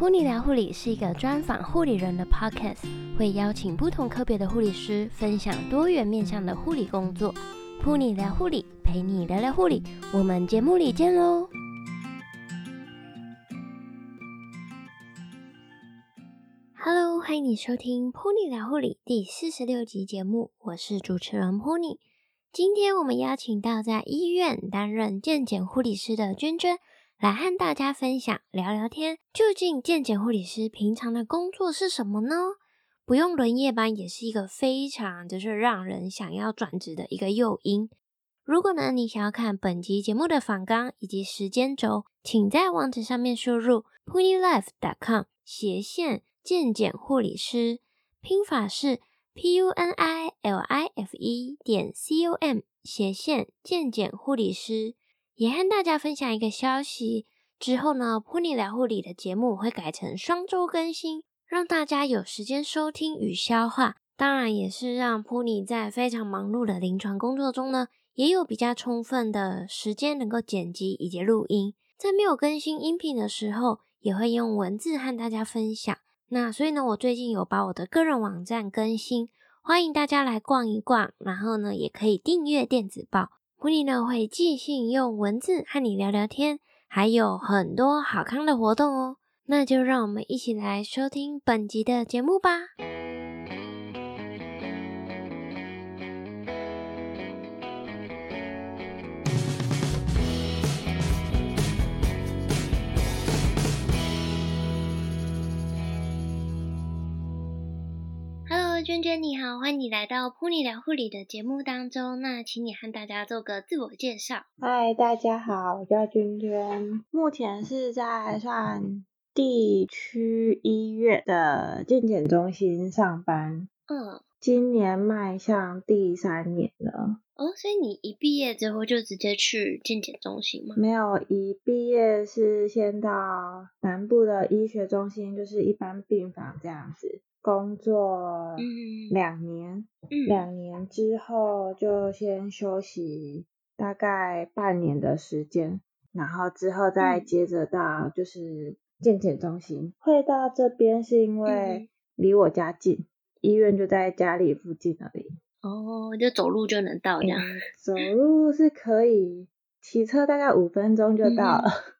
噗妮聊護理是一個專訪護理人的 podcast 會邀請不同科別的護理師分享多元面向的護理工作。噗妮聊護理，陪你聊聊護理，我們節目裡見嘍！Hello，歡迎你收聽噗妮聊護理第四十六集節目，我是主持人噗妮。今天我們邀請到在醫院擔任健檢護理師的娟娟。來和大家分享聊聊天，究竟健檢護理師平常的工作是什麼呢？不用輪夜班也是一個非常就是讓人想要轉職的一個誘因。如果呢你想要看本集節目的訪綱以及時間軸，請在網址上面輸入 punilife.com 斜線健檢護理師，拼法是 p u n i l i f e 點 c o m 斜線健檢護理師。也和大家分享一個消息，之後呢，噗妮聊護理的節目會改成雙週更新，讓大家有時間收聽與消化。當然，也是讓噗妮在非常忙碌的臨床工作中呢，也有比較充分的時間能夠剪輯以及錄音。在沒有更新音頻的時候，也會用文字和大家分享。那所以呢，我最近有把我的個人網站更新，歡迎大家來逛一逛，然後呢，也可以訂閱電子報。Puni 呢，會寄信用文字和你聊聊天，還有很多好康的活動哦。那就讓我們一起來收聽本集的節目吧。娟娟你好，歡迎你來到噗妮聊護理的節目當中。那請你和大家做個自我介紹。嗨，大家好，我叫娟娟，目前是在上地區醫院的健檢中心上班。嗯，今年邁向第三年了。哦，所以你一畢業之後就直接去健檢中心嗎？沒有，一畢業是先到南部的醫學中心，就是一般病房這樣子。工作兩年，嗯嗯、兩年之後就先休息大概半年的時間，然後之後再接着到就是健檢中心。嗯、會到這邊是因為離我家近，嗯、醫院就在家裡附近而已。哦，就走路就能到呀、嗯？走路是可以，騎車大概五分鐘就到了。嗯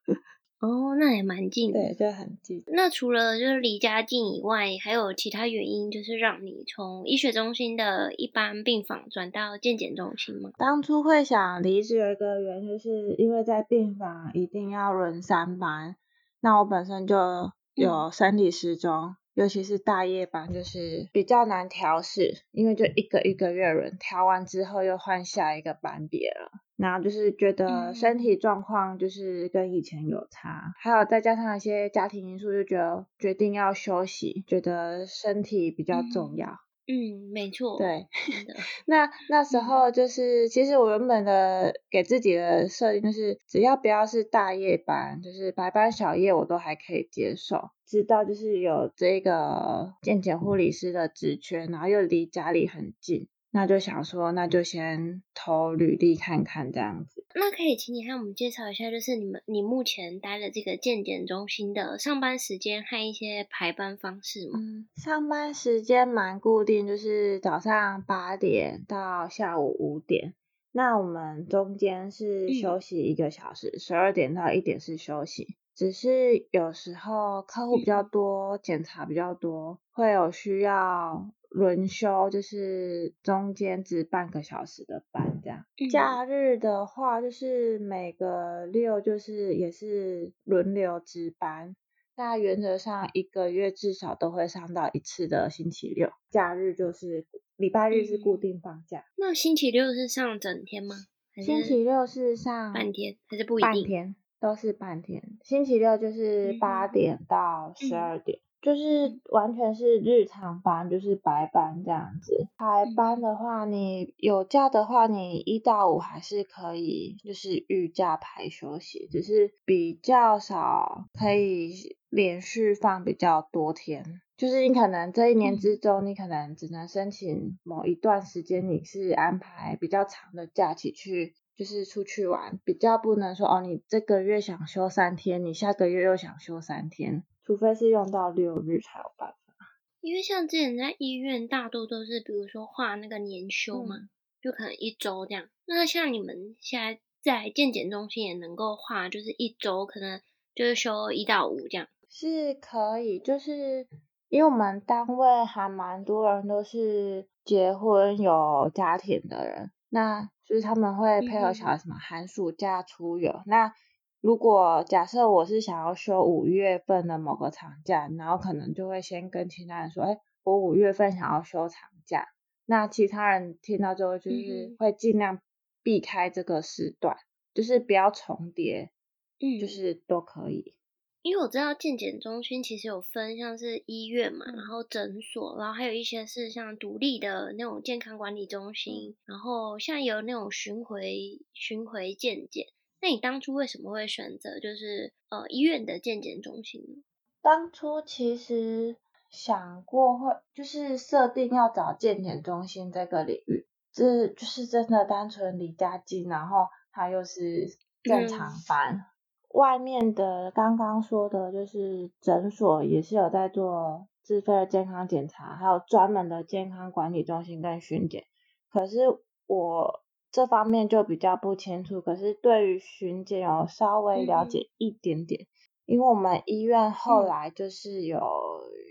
哦，那也蠻近的，對，就很近。那除了就是離家近以外，還有其他原因，就是讓你從醫學中心的一般病房轉到健檢中心嗎？當初會想離職有一個原因，就是因為在病房一定要輪三班，那我本身就有生理時鐘。嗯尤其是大夜班，就是比較難調試，因為就一個一個月輪，調完之後又換下一個班別了。然後就是覺得身體狀況就是跟以前有差，嗯、還有再加上一些家庭因素，就覺得決定要休息，覺得身體比較重要。嗯嗯，沒錯。對，的 那那時候就是，其實我原本的給自己的設定就是，只要不要是大夜班，就是白班小夜，我都還可以接受。直到就是有這個健檢護理師的職缺，然後又離家裡很近。那就想說，那就先投履歷看看這樣子。那可以請你和我們介紹一下，就是你們你目前待的這個健檢中心的上班時間和一些排班方式嗎？嗯、上班時間蠻固定，就是早上八點到下午五點。那我們中間是休息一個小時，十二、嗯、點到一點是休息。只是有時候客戶比較多，檢、嗯、查比較多，會有需要。輪休就是中間值半個小時的班，這樣。嗯、假日的話，就是每個六就是也是輪流值班。那原則上一個月至少都會上到一次的星期六。假日就是禮拜日是固定放假，嗯。那星期六是上整天嗎？星期六是上半天，還是不一定？半天，都是半天。星期六就是八點到十二點。嗯嗯就是完全是日常班，就是白班這樣子。排班的話，你有假的話，你一到五還是可以，就是預假排休息，只是比較少，可以連續放比較多天。就是你可能這一年之中，你可能只能申請某一段時間，你是安排比較長的假期去，就是出去玩。比較不能說哦，你這個月想休三天，你下個月又想休三天。除非是用到六日才有辦法，因為像之前在醫院大多都是，比如說畫那個年休嘛，嗯、就可能一周這樣。那像你們現在在健檢中心也能夠畫，就是一周可能就是休一到五這樣，是可以。就是因為我們單位還蠻多人都是結婚有家庭的人，那就是他們會配合小孩什麼、嗯、哼寒暑假出遊那。如果假設我是想要休五月份的某個長假，然後可能就會先跟其他人說，哎、欸，我五月份想要休長假，那其他人聽到之後就是會尽量避開這個時段，嗯、哼就是不要重疊，嗯，就是都可以。因為我知道健檢中心其實有分，像是醫院嘛，然後診所，然後還有一些是像獨立的那種健康管理中心，然後像在有那種巡回巡回健檢。那你當初為什麼會選擇就是呃，醫院的健檢中心呢？當初其實想過會就是設定要找健檢中心這個領域，這就是真的單純離家近，然後它又是正常班。嗯、外面的剛剛說的就是診所也是有在做自費的健康檢查，還有專門的健康管理中心跟巡檢，可是我。這方面就比較不清楚，可是對於巡檢有稍微了解一點點，嗯，因為我們醫院後來就是有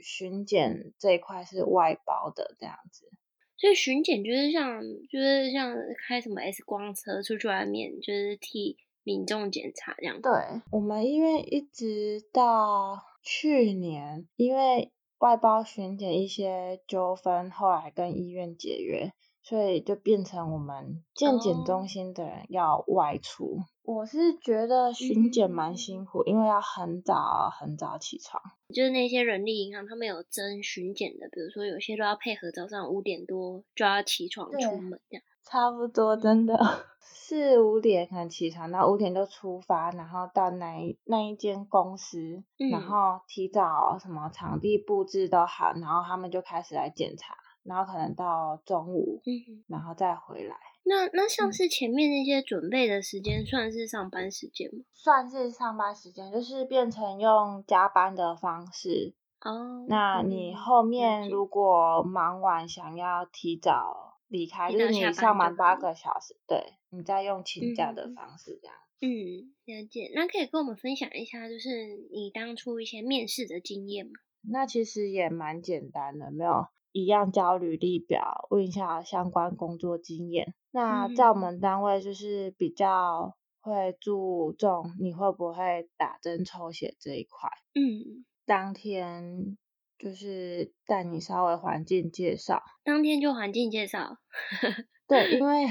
巡檢這一塊是外包的這樣子，所以巡檢就是像就是像開什麼 X 光車出去外面，就是替民眾檢查這樣子。對，對，我們醫院一直到去年，因為外包巡檢一些糾紛，後來跟醫院解約。所以就變成我們健檢中心的人、oh. 要外出。我是覺得巡檢蠻辛苦，嗯、因為要很早很早起床。就是那些人力銀行，他們有徵巡檢的，比如說有些都要配合早上五點多就要起床出門這樣。嗯、差不多，真的四五、嗯、點可能起床，然後五點就出發，然後到那那一間公司，嗯、然後提早什麼場地布置都好，然後他們就開始來檢查。然後可能到中午，嗯、哼然後再回來。那那像是前面那些準備的時間，算是上班時間嗎、嗯？算是上班時間，就是變成用加班的方式。哦。那你後面如果忙完想要提早離開，就是你上完八個小時，對，你再用請假的方式這樣嗯。嗯，了解。那可以跟我們分享一下，就是你當初一些面試的經驗嗎？那其實也蠻簡單的，嗯、沒有。一樣交履歷表，問一下相關工作經驗。那在我們單位就是比較會注重你會不會打針抽血這一塊。嗯。當天就是帶你稍微環境介紹。當天就環境介紹？ 對，因為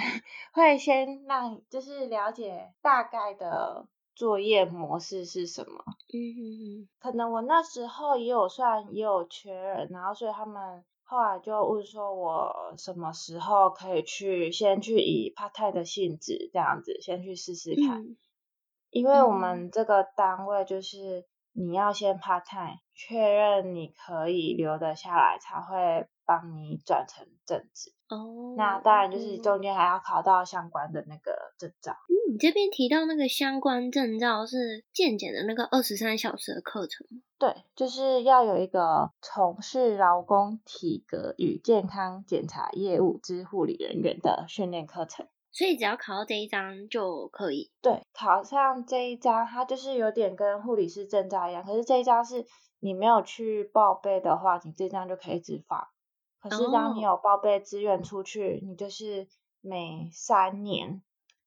會先讓就是了解大概的作業模式是什麼。嗯嗯嗯。可能我那時候也有算也有缺人，然後所以他們。後來就問說，我什麼時候可以去？先去以 part time 的性質這樣子先去試試看，嗯、因為我們這個單位就是你要先 part time，確認你可以留得下來，才會幫你轉成正職。哦，oh, 那當然就是中間還要考到相關的那個證照。嗯，你這邊提到那個相關證照是健檢的那個二十三小時的課程。對，就是要有一個從事勞工體格與健康檢查業務之護理人員的訓練課程。所以只要考到這一張就可以。對，考上這一張，它就是有點跟護理師證照一樣，可是這一張是你沒有去報備的話，你這張就可以執法。可是當你有報備志願出去，哦、你就是每三年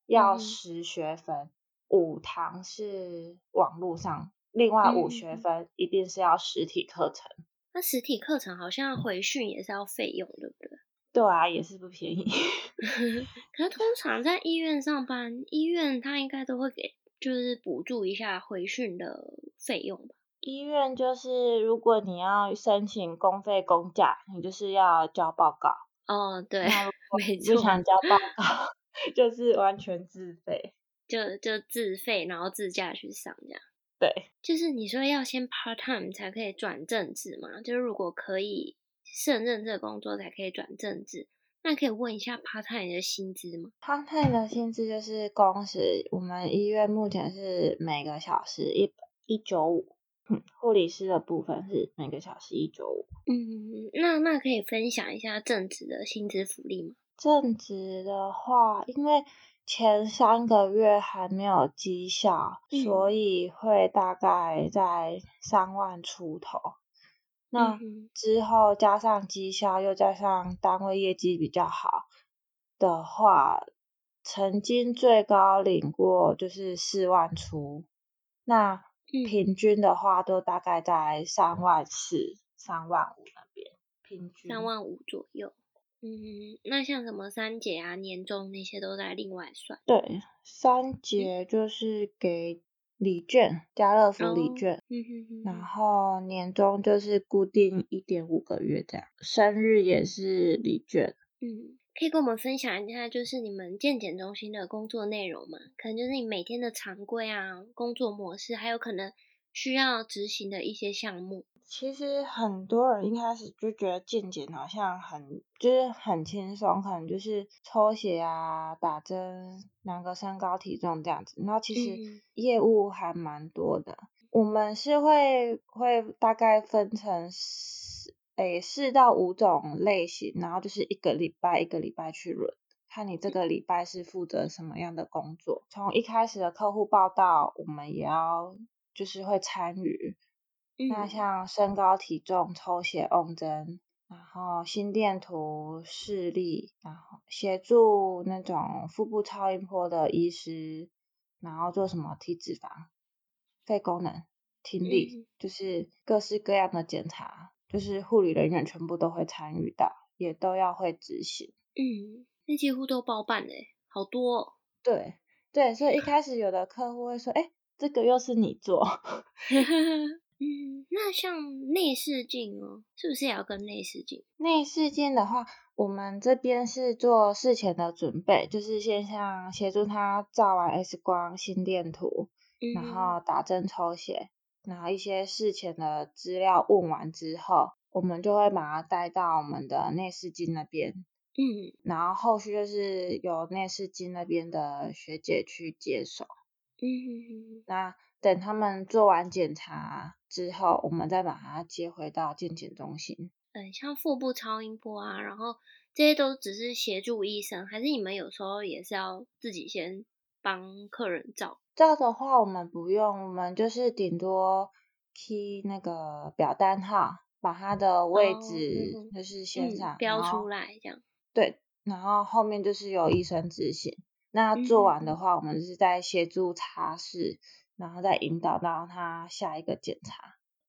要十學分，嗯、五堂是網絡上，另外五學分一定是要實體課程、嗯。那實體課程好像回訓也是要費用，對不對？對啊，也是不便宜。 可是通常在醫院上班，醫院他應該都會給，就是補助一下回訓的費用吧。醫院就是，如果你要申請公費公假，你就是要交報告。嗯、哦，對，沒錯。不想交報告，錯 就是完全自費，就就自費，然後自駕去上這樣。對，就是你說要先 part time 才可以轉正職嘛，就是如果可以勝任這個工作才可以轉正職。那可以問一下 part time 的薪資嗎？part time 的薪資就是工時，我們醫院目前是每個小時一一九五。護理師的部分是每個小時一九五。嗯，那那可以分享一下正職的薪資福利嗎？正職的話，因為前三個月還沒有績效，嗯、所以會大概在三萬出頭。那、嗯、哼之後加上績效，又加上單位業績比較好的話，曾經最高領過就是四萬出。那。平均的話，都大概在三萬四、三萬五那邊，平均三萬五左右。嗯，那像什麼三節啊、年終那些，都在另外算。對，三節就是給禮券，嗯、家樂福禮券。哦、然後年終就是固定一點五個月這樣，生日也是禮券。嗯。可以跟我們分享一下，就是你們健檢中心的工作內容嗎？可能就是你每天的常規啊，工作模式，還有可能需要執行的一些項目。其實很多人一開始就覺得健檢好像很就是很輕鬆，可能就是抽血啊、打針、量個身高體重這樣子。然後其實業務還蠻多的。嗯、我們是會會大概分成。誒，四到五種類型，然後就是一個禮拜一個禮拜去輪，看你這個禮拜是負責什麼樣的工作。從一開始的客戶報到，我們也要就是會參與。嗯、那像身高體重、抽血、翁針，然後心電圖、視力，然後協助那種腹部超音波的醫師，然後做什麼體脂肪、肺功能、聽力，嗯、就是各式各樣的檢查。就是護理人員全部都會參與到，也都要會執行。嗯，那幾乎都包辦哎、欸，好多，哦。對，對，所以一開始有的客戶會說，哎、欸，這個又是你做。 嗯，那像內視鏡哦、喔，是不是也要跟內視鏡？內視鏡的話，我們這邊是做事前的準備，就是先像協助他照完 X 光、心電圖，嗯、哼然後打針抽血。然後一些事前的資料問完之後，我們就會把他帶到我們的內視鏡那邊，嗯，然後後續就是由內視鏡那邊的學姐去接手，嗯，那等他們做完檢查之後，我們再把他接回到健檢中心。嗯，像腹部超音波啊，然後這些都只是協助醫生，還是你們有時候也是要自己先？幫客人照照的話，我們不用，我們就是頂多貼那個表單號，把它的位置就是現場標出來後這樣。對，然後後面就是由醫生執行。那做完的話，我們就是在協助擦拭，嗯、然後再引導到他下一個檢查。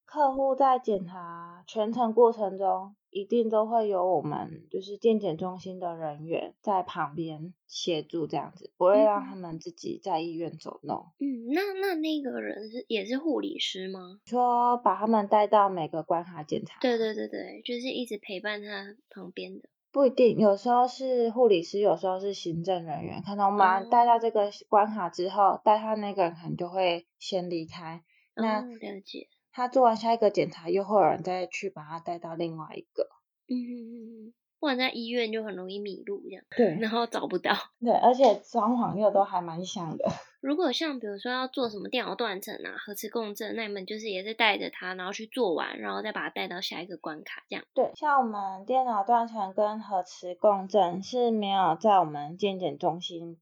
客戶在檢查全程過程中。一定都會有我們就是健檢中心的人員在旁邊協助這樣子，不會讓他們自己在醫院走動。嗯，那那那個人是也是護理師嗎？說把他們帶到每個關卡檢查。對對對對，就是一直陪伴他旁邊的。不一定，有時候是護理師，有時候是行政人員。可能我們帶到這個關卡之後，帶他那個人可能就會先離開。那、嗯、了解。他做完下一個檢查，又會有人再去把他帶到另外一個，嗯，不然在醫院就很容易迷路這樣，對，然後找不到，對，而且裝潢又都還蠻像的。如果像比如說要做什麼電腦斷層啊、核磁共振，那你們就是也是帶着他，然後去做完，然後再把他帶到下一個關卡這樣。對，像我們電腦斷層跟核磁共振是沒有在我們健檢中心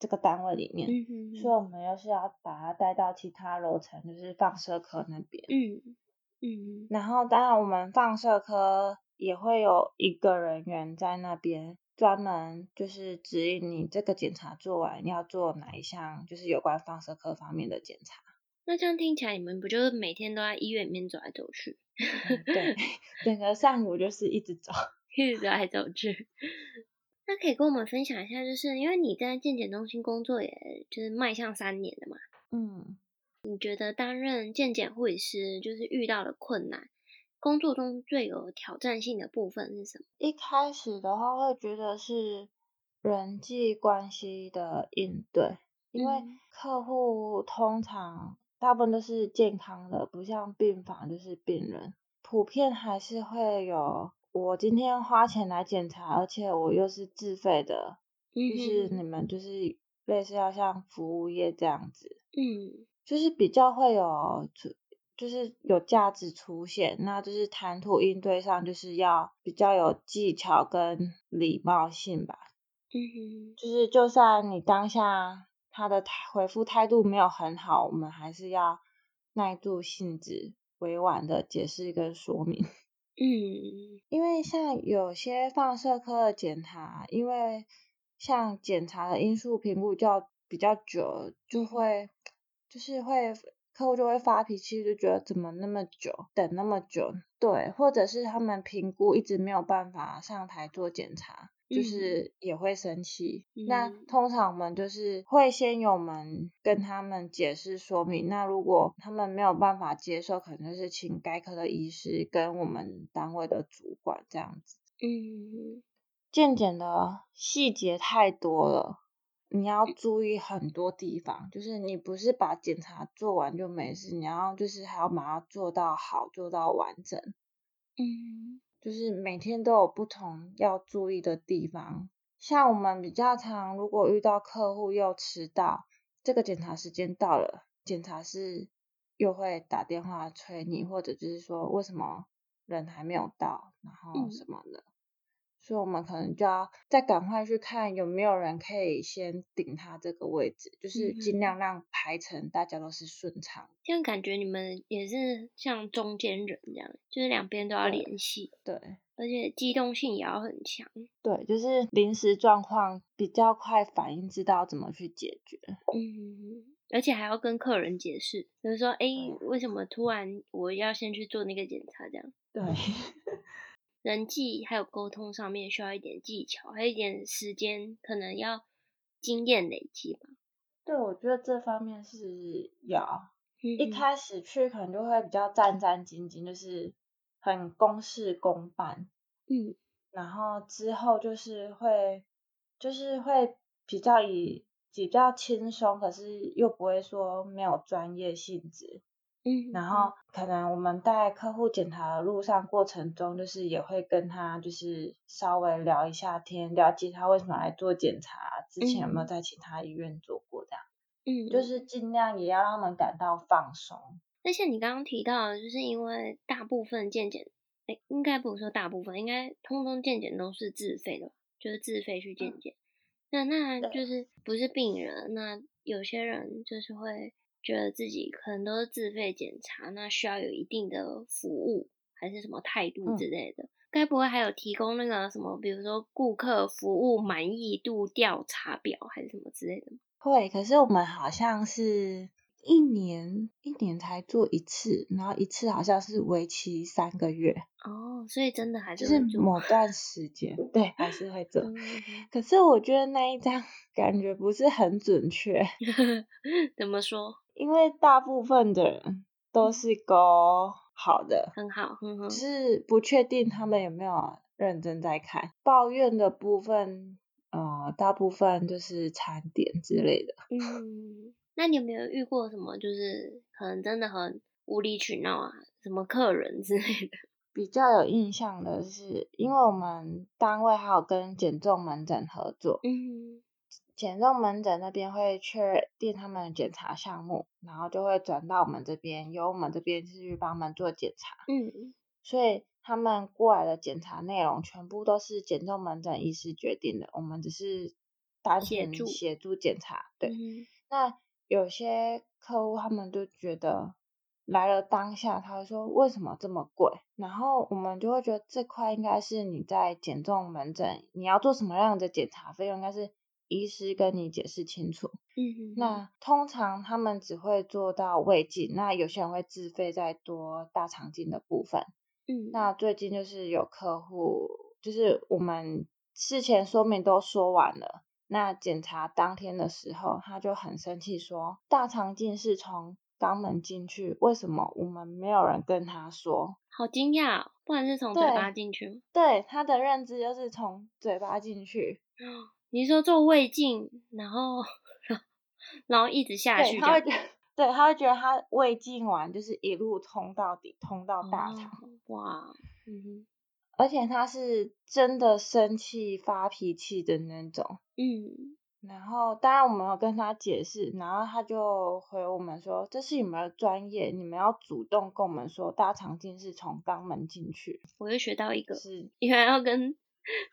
這個單位裡面，所以我們又是要把它帶到其他樓層，就是放射科那邊，嗯。嗯嗯，然後當然我們放射科也會有一個人員在那邊，專門就是指引你這個檢查做完要做哪一項，就是有關放射科方面的檢查。那這樣聽起來，你們不就是每天都在醫院裡面走來走去？ 嗯、對，整個上午就是一直走，一直走來走去。那可以跟我們分享一下，就是因為你在健檢中心工作，也就是邁向三年的嘛，嗯，你覺得擔任健檢護理師就是遇到的困難，工作中最有挑戰性的部分是什麼？一開始的話，會覺得是人際關係的應對，因為客戶通常大部分都是健康的，不像病房就是病人，普遍還是會有。我今天花錢來檢查，而且我又是自費的，嗯哼，就是你們就是類似要像服務業這樣子，嗯，就是比較會有就是有價值出現，那就是談吐應對上就是要比較有技巧跟禮貌性吧，嗯哼，就是就算你當下他的回覆態度沒有很好，我們還是要耐住性子，委婉的解釋跟說明。嗯，因為像有些放射科的檢查，因為像檢查的因素評估較比較久，就會，就是會，客戶就會發脾氣，就覺得怎麼那麼久，等那麼久，對，或者是他們評估一直沒有辦法上台做檢查。就是也會生氣，mm hmm. 那通常我們就是會先由我們跟他們解釋說明，那如果他們沒有辦法接受，可能就是請該科的醫師跟我們單位的主管這樣子。嗯、mm，hmm. 健檢的細節太多了，你要注意很多地方，mm hmm. 就是你不是把檢查做完就沒事，你要就是還要把它做到好，做到完整。嗯、mm。Hmm. 就是每天都有不同要注意的地方，像我們比較常如果遇到客戶又遲到，這個檢查時間到了，檢查室又會打電話催你，或者就是說為什麼人還沒有到，然後什麼的。嗯所以，我們可能就要再趕快去看有沒有人可以先頂他這個位置，就是盡量讓排程大家都是順暢。嗯，這樣感覺你們也是像中間人這樣，就是兩邊都要聯繫，對，對，而且機動性也要很強，對，就是臨時狀況比較快反應，知道怎麼去解決。嗯，而且還要跟客人解釋，比如說，哎，為什麼突然我要先去做那個檢查這樣？對。人際還有溝通上面需要一點技巧，還有一點時間，可能要經驗累積吧。對，我覺得這方面是有、嗯、一開始去可能就會比較戰戰兢兢，就是很公事公辦。嗯，然後之後就是會就是會比較以比較輕鬆，可是又不會說沒有專業性質。嗯， 然後可能我們在客戶檢查的路上過程中，就是也會跟他就是稍微聊一下天，了解他為什麼來做檢查，之前有沒有在其他醫院做過這樣，嗯， 就是盡量也要讓他們感到放鬆。那像你剛剛提到，就是因為大部分健檢，哎、欸，應該不如說大部分，應該通通健檢都是自費的，就是自費去健檢。嗯、那那就是不是病人，對那有些人就是會。覺得自己可能都是自費檢查，那需要有一定的服務還是什麼態度之類的？該、嗯、不會還有提供那個什麼，比如說顧客服務滿意度調查表還是什麼之類的？會，可是我們好像是一年一年才做一次，然後一次好像是為期三個月哦，所以真的還是就是某段時間 對，還是會做。嗯、可是我覺得那一張感覺不是很準確， 怎麼說？因為大部分的人都是勾好的，很好，呵呵，就是不確定他們有沒有認真在看。抱怨的部分，呃，大部分就是餐點之類的。嗯，那你有沒有遇過什麼，就是可能真的很無理取鬧啊，什麼客人之類的？比較有印象的是，因為我們單位還有跟減重門診合作。嗯減重門診那邊會確定他們的檢查項目，然後就會轉到我們這邊，由我們這邊去幫他們做檢查。嗯，所以他們過來的檢查內容全部都是減重門診醫師決定的，我們只是單純協助檢查。對，嗯嗯，那有些客戶他們就覺得來了當下，他會說為什麼這麼貴？然後我們就會覺得這塊應該是你在減重門診，你要做什麼樣的檢查，費用應該是。醫師跟你解釋清楚，嗯哼，那通常他們只會做到胃鏡，那有些人會自費再多大腸鏡的部分，嗯，那最近就是有客戶，就是我們事前說明都說完了，那檢查當天的時候他就很生氣說，大腸鏡是從肛門進去，為什麼我們沒有人跟他說？好驚訝喔，不然是從嘴巴進去嗎？對。對，他的認知就是從嘴巴進去。你說做胃鏡，然後然後一直下去，對他會覺，對，他會覺得他胃鏡完就是一路通到底，通到大腸。哦。哇，嗯，而且他是真的生氣發脾氣的那種。嗯，然後當然我們要跟他解釋，然後他就回我們說：“這是你們的專業，你們要主動跟我們說大腸鏡是從肛門進去。”我又學到一個，是原來要跟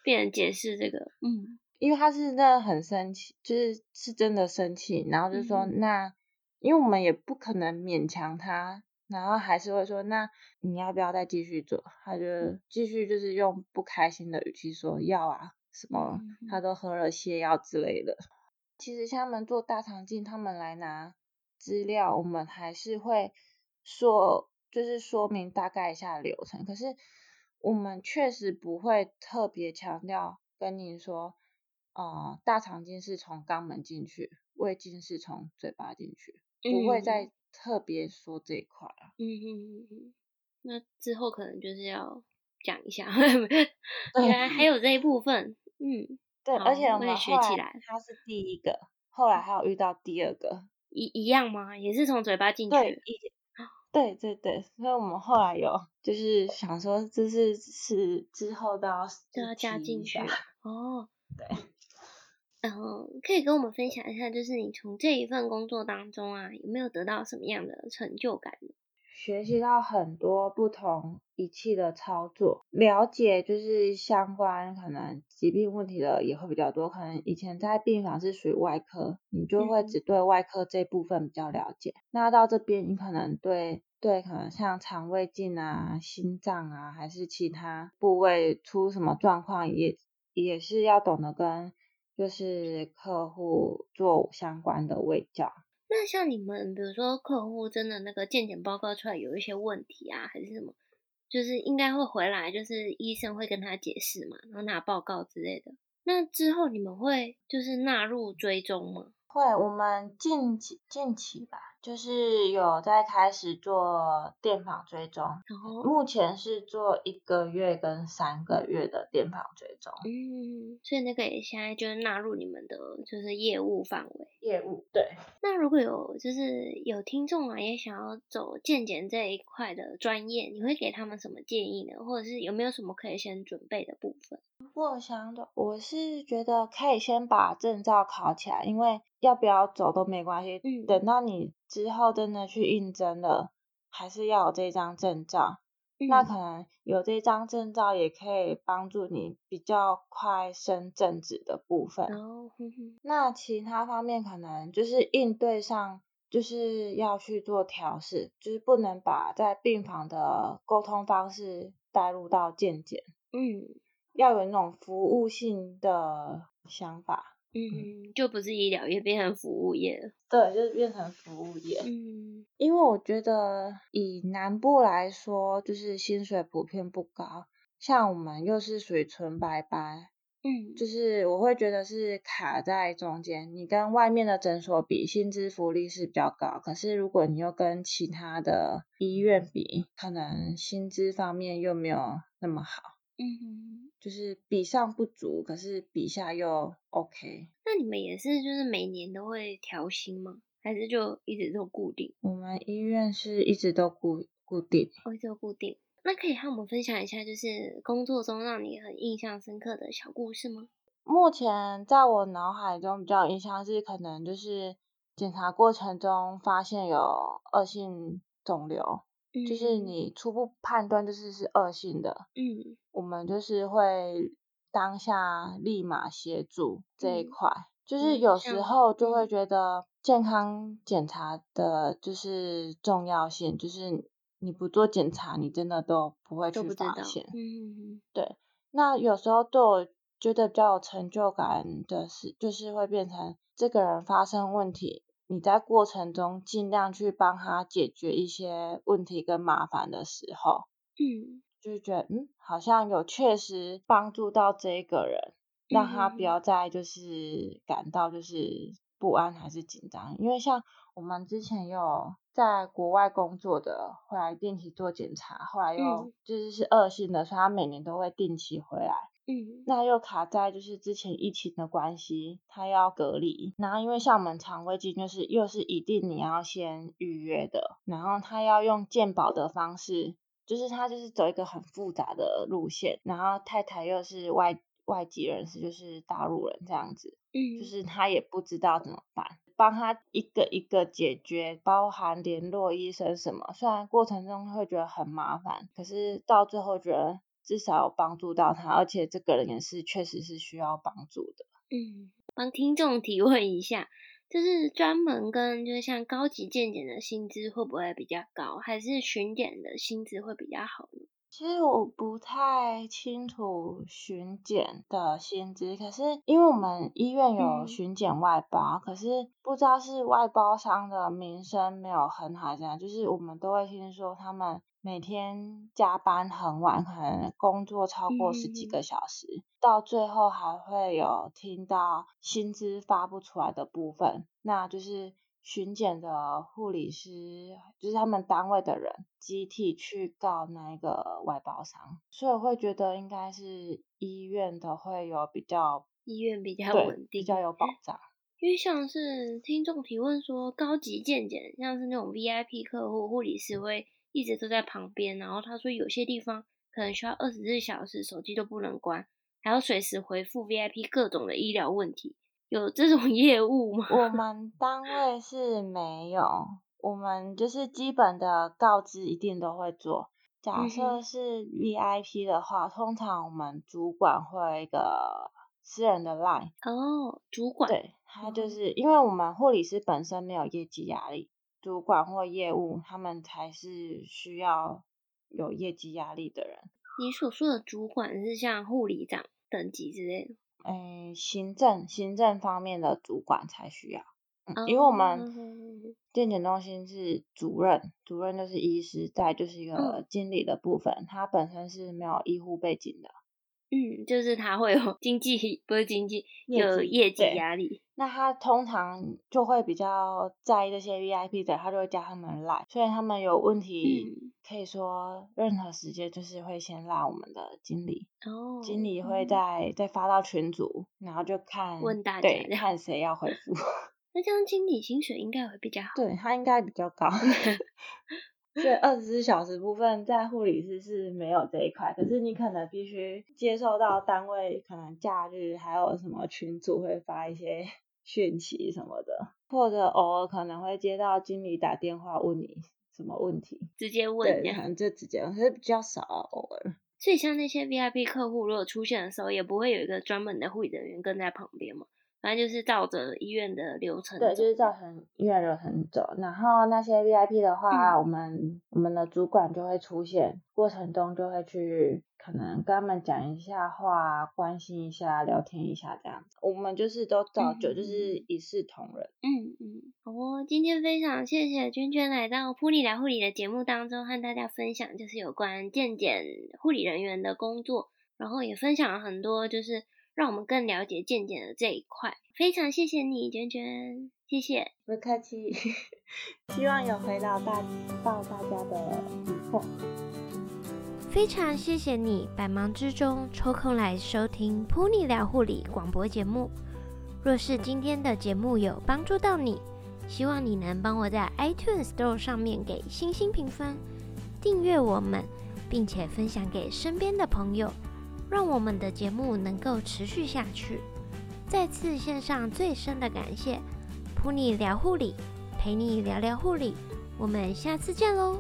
病人解釋這個，嗯。因為他是真的很生氣，就是是真的生氣，然後就說、嗯、那，因為我們也不可能勉強他，然後還是會說，那你要不要再繼續做？他就繼續就是用不開心的語氣說要啊，什麼他都喝了瀉藥之類的。嗯嗯，其實像他們做大腸鏡，他們來拿資料，我們還是會說就是說明大概一下流程，可是我們確實不會特別強調跟你說。哦、嗯，大腸經是從肛門進去，胃經是從嘴巴進去，不會再特別說這一塊了。嗯嗯嗯，嗯，那之後可能就是要講一下，嗯、 原來還有這一部分。嗯，對，好而且我們學起來，它是第一個，來後來還有遇到第二個，一一樣嗎？也是從嘴巴進去一點。對。對對對，所以我們後來有就是想說，這是是之後都要都要加進去。哦，對。然後、uh, 可以跟我們分享一下，就是你從這一份工作當中啊，有沒有得到什麼樣的成就感？學習到很多不同儀器的操作，了解就是相關可能疾病問題的也會比較多。可能以前在病房是屬於外科，你就會只對外科這部分比較了解。嗯、那到這邊，你可能對對，可能像腸胃鏡啊、心臟啊，還是其他部位出什麼狀況也，也也是要懂得跟。就是客戶做相關的胃鏡，那像你們比如說客戶真的那個健檢報告出來有一些問題啊，還是什麼，就是應該會回來，就是醫生會跟他解釋嘛，然後拿報告之類的。那之後你們會就是納入追蹤嗎？會，我們近期近期吧。就是有在開始做電訪追蹤，然後、oh. 目前是做一個月跟三個月的電訪追蹤。嗯，所以那個也現在就是納入你們的，就是業務範圍。業務，對。那如果有，就是有聽眾啊，也想要走健檢這一塊的專業，你會給他們什麼建議呢？或者是有沒有什麼可以先準備的部分？如果想走，我是覺得可以先把證照考起來，因為要不要走都沒關係。嗯、等到你之後真的去應徵了，還是要有這張證照。嗯、那可能有這張證照也可以幫助你比較快升正職的部分。哦、呵呵，那其他方面可能就是應對上，就是要去做調適，就是不能把在病房的溝通方式帶入到健檢。嗯。要有那種服務性的想法，嗯，就不是醫療業變成服務業了，對，就是變成服務業，嗯，因為我覺得以南部來說，就是薪水普遍不高，像我們又是屬於純白班，嗯，就是我會覺得是卡在中間，你跟外面的診所比，薪資福利是比較高，可是如果你又跟其他的醫院比，可能薪資方面又沒有那麼好。嗯哼，就是比上不足，可是比下又 OK。那你們也是，就是每年都會調薪嗎？還是就一直都固定？我們醫院是一直都固固定，我一直固定。那可以和我們分享一下，就是工作中讓你很印象深刻的小故事嗎？目前在我腦海中比較有印象是，可能就是檢查過程中發現有惡性腫瘤。就是你初步判斷就是是惡性的，嗯，我們就是會當下立馬協助這一塊，嗯，就是有時候就會覺得健康檢查的就是重要性，就是你不做檢查，你真的都不會去發現，嗯，對。那有時候對我覺得比較有成就感的是，就是會變成這個人發生問題。你在過程中盡量去幫他解決一些問題跟麻煩的時候，嗯，就覺得嗯，好像有確實幫助到這一個人，讓他不要再就是感到就是不安還是緊張，因為像我們之前有在國外工作的，回來定期做檢查，後來又就是是惡性的，所以他每年都會定期回來。嗯，那又卡在就是之前疫情的關係，他要隔離，然後因為像我們常規金就是又是一定你要先預約的，然後他要用健保的方式，就是他就是走一個很複雜的路線，然後太太又是外外籍人士，就是大陸人這樣子，嗯，就是他也不知道怎麼辦，幫他一個一個解決，包含聯絡醫生什麼，雖然過程中會覺得很麻煩，可是到最後覺得。至少有幫助到他，而且這個人也是確實是需要幫助的。嗯，幫聽眾提問一下，就是專門跟，就是像高級健檢的薪資會不會比較高，還是巡檢的薪資會比較好呢？其實我不太清楚巡檢的薪資，可是因為我們醫院有巡檢外包，嗯、可是不知道是外包商的名聲沒有很好這樣，就是我們都會聽說他們。每天加班很晚，可能工作超過十幾個小時，嗯，到最後還會有聽到薪資發不出來的部分，那就是巡檢的護理師，就是他們單位的人集體去告那個外包商，所以我會覺得應該是醫院的會有比較、醫院比較穩定，比較有保障。因為像是聽眾提問說，高級健檢像是那種 VIP 客戶護理師會。嗯一直都在旁邊，然後他說有些地方可能需要二十四小時，手機都不能關，還要隨時回復 VIP 各種的醫療問題。有這種業務嗎？我們單位是沒有，我們就是基本的告知一定都會做。假設是 VIP 的話，通常我們主管會一個私人的 line。哦，主管。對，他就是因為我們護理師本身沒有業績壓力。主管或業務，他們才是需要有業績壓力的人。你所說的主管是像護理長等級之類的？嗯、欸，行政行政方面的主管才需要，嗯、因為我們健檢中心是主任，主任就是醫師，在就是一個經理的部分，他、嗯、本身是沒有醫護背景的。嗯，就是他會有經濟，不是經濟，有業績壓力。那他通常就會比較在意這些 VIP 的。他就會加他們賴。雖然他們有問題，嗯、可以說任何時間就是會先賴我們的經理，哦，經理會再、嗯、再發到群組，然後就看問大家對樣看誰要回復。 那這樣經理薪水應該會比較好，對，他應該比較高。 這二十四小時部分在護理師是沒有這一塊，可是你可能必須接受到單位可能假日還有什麼群組會發一些訊息什麼的，或者偶爾可能會接到經理打電話問你什麼問題，直接問呀，對，可能就直接，可是比較少啊，偶爾。所以像那些 VIP 客戶如果出現的時候，也不會有一個專門的護理的人員跟在旁邊嘛。反正就是照着醫院的流程走，對，就是照成醫院流程走。然後那些 VIP 的話，嗯、我們我們的主管就會出現，過程中就會去可能跟他們講一下話，關心一下，聊天一下這樣子。我們就是都照舊，嗯、就是一視同仁、嗯。嗯嗯，好哦，今天非常謝謝娟娟來到噗妮聊護理的節目當中，和大家分享就是有關健檢護理人員的工作，然後也分享了很多就是。讓我們更了解健檢的這一塊，非常謝謝你，娟娟，謝謝，不客氣， 希望有回到大到大家的以後，非常謝謝你百忙之中抽空來收聽噗妮聊護理廣播節目，若是今天的節目有幫助到你，希望你能幫我，在 iTunes Store 上面給星星評分，訂閱我們，並且分享給身邊的朋友。讓我們的節目能夠持續下去，再次獻上最深的感謝。噗妮聊護理，陪你聊聊護理，我們下次見嘍。